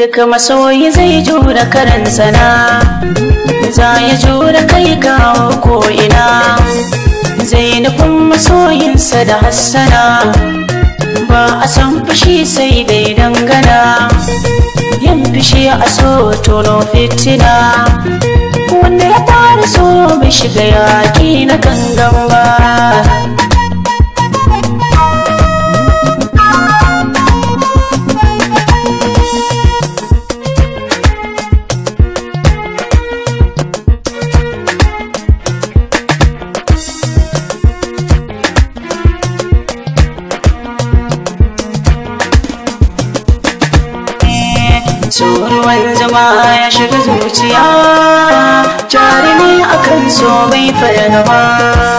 duk masoyi zai jura karan sana za jura kai kawo ko ina zai nufin masoyinsa da hassana ba a san fushi sai dai dangana yin fushi a so tono fitina wanda ya tara so bai shiga yaƙi na gangan ba su ruwan ya shiga zuciya ne akan so bai nawa.